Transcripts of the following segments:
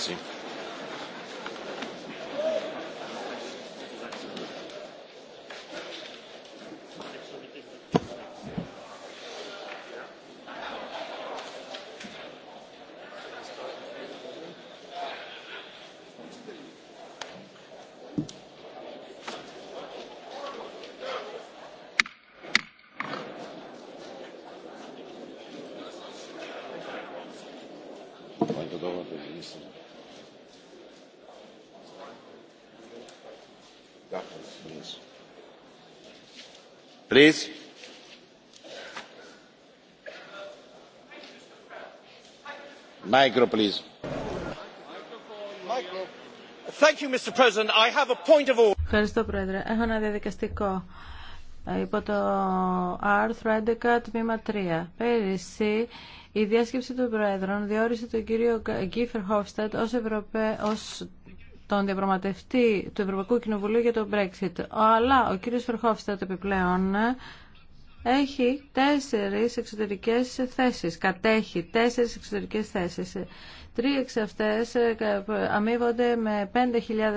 Grazie. Quanto Ευχαριστώ, Πρόεδρε. Έχω ένα διαδικαστικό υπό το άρθρο 11 τμήμα 3. Πέρυσι η διάσκεψη των Προέδρων διόρισε τον κύριο Γκίφερ Χόφστατ ως, Ευρωπαί... ως τον διαπραγματευτή του Ευρωπαϊκού Κοινοβουλίου για το Brexit. Αλλά ο κύριος Φερχόφστατ επιπλέον έχει τέσσερις εξωτερικές θέσεις, κατέχει τέσσερις εξωτερικές θέσεις. Τρία εξ αυτές ε, αμείβονται με 5.000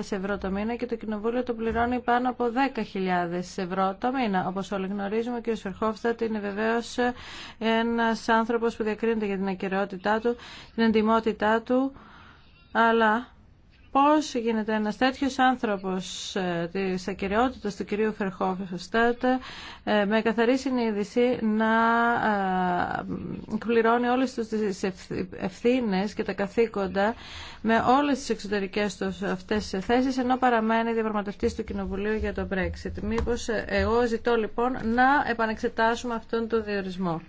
ευρώ το μήνα και το κοινοβούλιο το πληρώνει πάνω από 10.000 ευρώ το μήνα. Όπως όλοι γνωρίζουμε, ο κ. Φερχόφστατ είναι βεβαίως ένας άνθρωπος που διακρίνεται για την ακαιρεότητά του, την εντυμότητά του, αλλά πώς γίνεται ένας τέτοιος άνθρωπος ε, της ακυριότητας του κυρίου Φερχόφιστατ ε, με καθαρή συνείδηση να κληρώνει ε, όλες τις ευθύνες και τα καθήκοντα με όλες τις εξωτερικές του αυτές τις θέσεις ενώ παραμένει διαπραγματευτής του Κοινοβουλίου για το Brexit. Μήπως εγώ ζητώ λοιπόν να επανεξετάσουμε αυτόν τον διορισμό.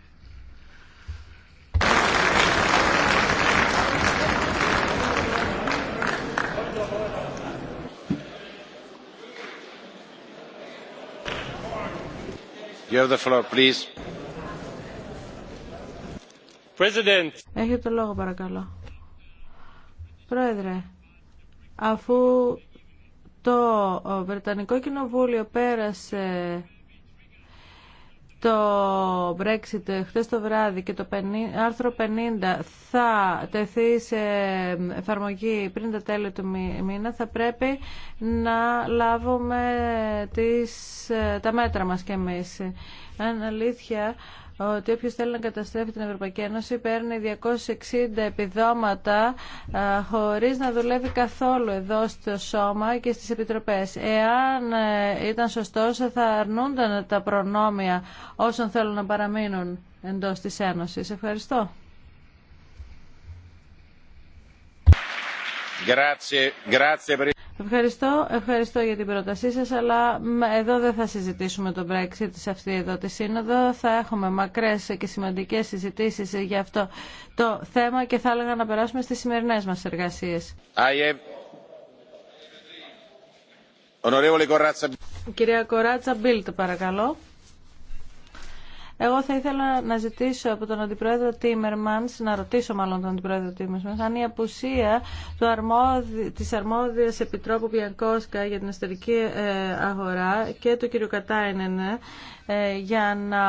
Έχετε το λόγο παρακαλώ. Πρόεδρε, αφού το Βρετανικό Κοινοβούλιο πέρασε το Brexit χτες το βράδυ και το άρθρο 50 θα τεθεί σε εφαρμογή πριν τα τέλη του μήνα, θα πρέπει να λάβουμε τις, τα μέτρα μας και εμείς. Αν ότι όποιο θέλει να καταστρέφει την Ευρωπαϊκή Ένωση παίρνει 260 επιδόματα χωρίς να δουλεύει καθόλου εδώ στο σώμα και στις επιτροπές. Εάν ε, ήταν σωστό, θα αρνούνταν τα προνόμια όσων θέλουν να παραμείνουν εντός της Ένωσης. Ευχαριστώ. Grazie, grazie Ευχαριστώ, ευχαριστώ για την πρότασή σας, αλλά εδώ δεν θα συζητήσουμε το Brexit σε αυτή εδώ τη σύνοδο. Θα έχουμε μακρές και σημαντικές συζητήσεις για αυτό το θέμα και θα έλεγα να περάσουμε στις σημερινές μας εργασίες. Κυρία Κοράτσα Μπίλτ, παρακαλώ. Εγώ θα ήθελα να ζητήσω από τον Αντιπρόεδρο Τίμερμαν, να ρωτήσω μάλλον τον Αντιπρόεδρο Τίμερμαν, αν η απουσία του αρμόδι, της αρμόδιας Επιτρόπου Πιανκόσκα για την εσωτερική ε, αγορά και του κ. Κατάινεν ε, για να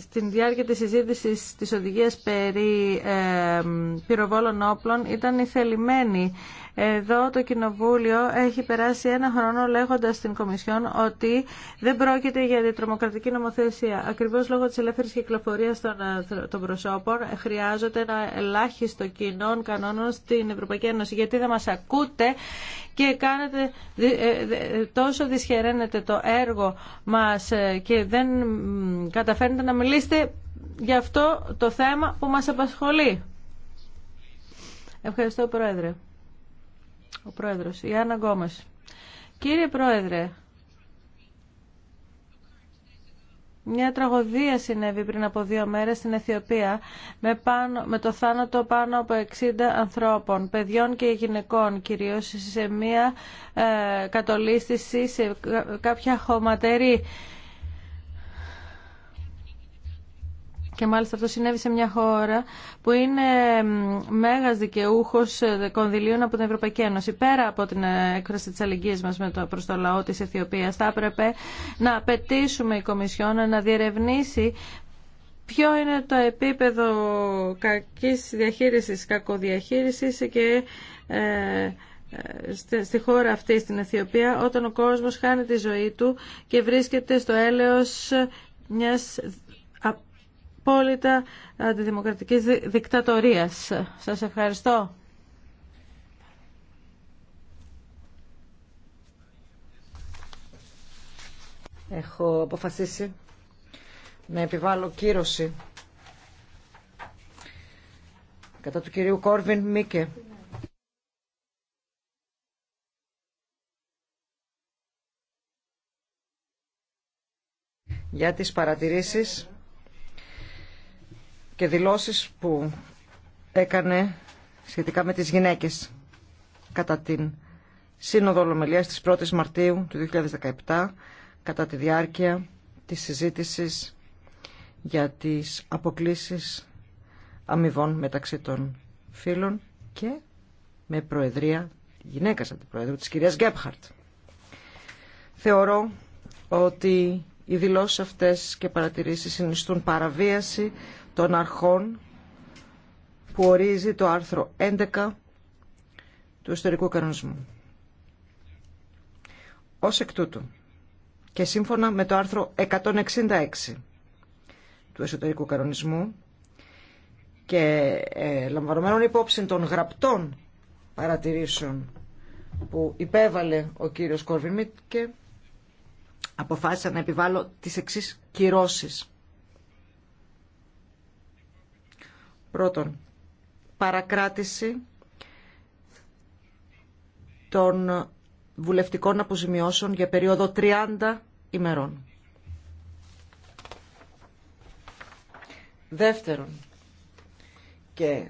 στην διάρκεια της συζήτησης της οδηγίας περί ε, πυροβόλων όπλων ήταν η θελημένη. Εδώ το Κοινοβούλιο έχει περάσει ένα χρόνο λέγοντας στην Κομισιόν ότι δεν πρόκειται για την τρομοκρατική νομοθεσία. Ακριβώς λόγω της ελεύθερης κυκλοφορίας των, ε, προσώπων χρειάζεται ένα ελάχιστο κοινών κανόνων στην Ευρωπαϊκή Ένωση. Γιατί δεν μας ακούτε και κάνετε, ε, ε, τόσο δυσχεραίνετε το έργο μας και δεν καταφέρνετε να μιλήσετε για αυτό το θέμα που μας απασχολεί. Ευχαριστώ, Πρόεδρε. Ο Πρόεδρος, η Άννα Γκόμες. Κύριε Πρόεδρε, Μια τραγωδία συνέβη πριν από δύο μέρες στην Αιθιοπία με, πάνω, με το θάνατο πάνω από 60 ανθρώπων, παιδιών και γυναικών κυρίως σε μια ε, σε κάποια χωματερή Και μάλιστα αυτό συνέβη σε μια χώρα που είναι μέγας δικαιούχος ε, κονδυλίων από την Ευρωπαϊκή Ένωση. Πέρα από την ε, έκφραση της αλληλεγγύης μας με το, προς το λαό της Αιθιοπίας, θα έπρεπε να απαιτήσουμε η Κομισιόν να διερευνήσει ποιο είναι το επίπεδο κακής διαχείρισης, κακοδιαχείρισης και ε, στη χώρα αυτή, στην Αιθιοπία, όταν ο κόσμος χάνει τη ζωή του και βρίσκεται στο έλεος μιας απόλυτα αντιδημοκρατικής δικτατορίας. Σας ευχαριστώ. Έχω αποφασίσει να επιβάλλω κύρωση κατά του κυρίου Κόρβιν Μίκε. για τις παρατηρήσεις και δηλώσεις που έκανε σχετικά με τις γυναίκες κατά την Σύνοδο Ολομελίας της 1ης Μαρτίου του 2017 κατά τη διάρκεια της συζήτησης για τις αποκλήσεις αμοιβών μεταξύ των φίλων και με προεδρία γυναίκας αντιπροέδρου της κυρίας Γκέπχαρτ. Θεωρώ ότι οι δηλώσεις αυτές και παρατηρήσεις συνιστούν παραβίαση των αρχών που ορίζει το άρθρο 11 του εσωτερικού κανονισμού. Ως εκ τούτου και σύμφωνα με το άρθρο 166 του εσωτερικού κανονισμού και ε, λαμβανομένων υπόψη των γραπτών παρατηρήσεων που υπέβαλε ο κύριος Κορβιμίτ και αποφάσισα να επιβάλλω τις εξής κυρώσεις. Πρώτον, παρακράτηση των βουλευτικών αποζημιώσεων για περίοδο 30 ημερών. Δεύτερον, και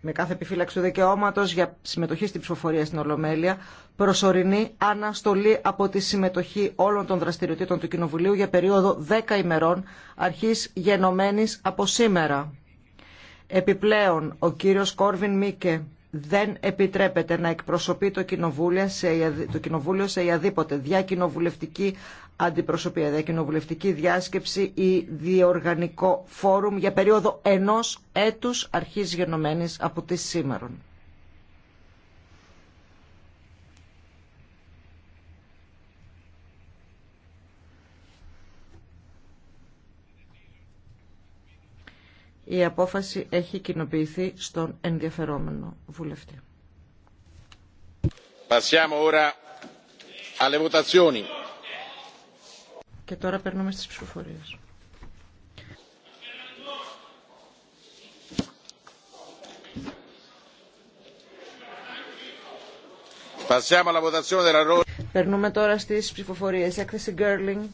με κάθε επιφύλαξη του δικαιώματο για συμμετοχή στην ψηφοφορία στην Ολομέλεια, προσωρινή αναστολή από τη συμμετοχή όλων των δραστηριοτήτων του Κοινοβουλίου για περίοδο 10 ημερών, αρχής γενομένης από σήμερα. Επιπλέον, ο κύριος Κόρβιν Μίκε δεν επιτρέπεται να εκπροσωπεί το κοινοβούλιο σε, το κοινοβούλιο σε ιαδήποτε διακοινοβουλευτική αντιπροσωπεία, διακοινοβουλευτική διάσκεψη ή διοργανικό φόρουμ για περίοδο ενός έτους αρχής γενομένης από τη σήμερον. Η απόφαση έχει κοινοποιηθεί στον ενδιαφερόμενο βουλευτή. Και τώρα περνούμε στις ψηφοφορίες. Περνούμε τώρα στις ψηφοφορίες. Έκθεση Γκέρλινγκ.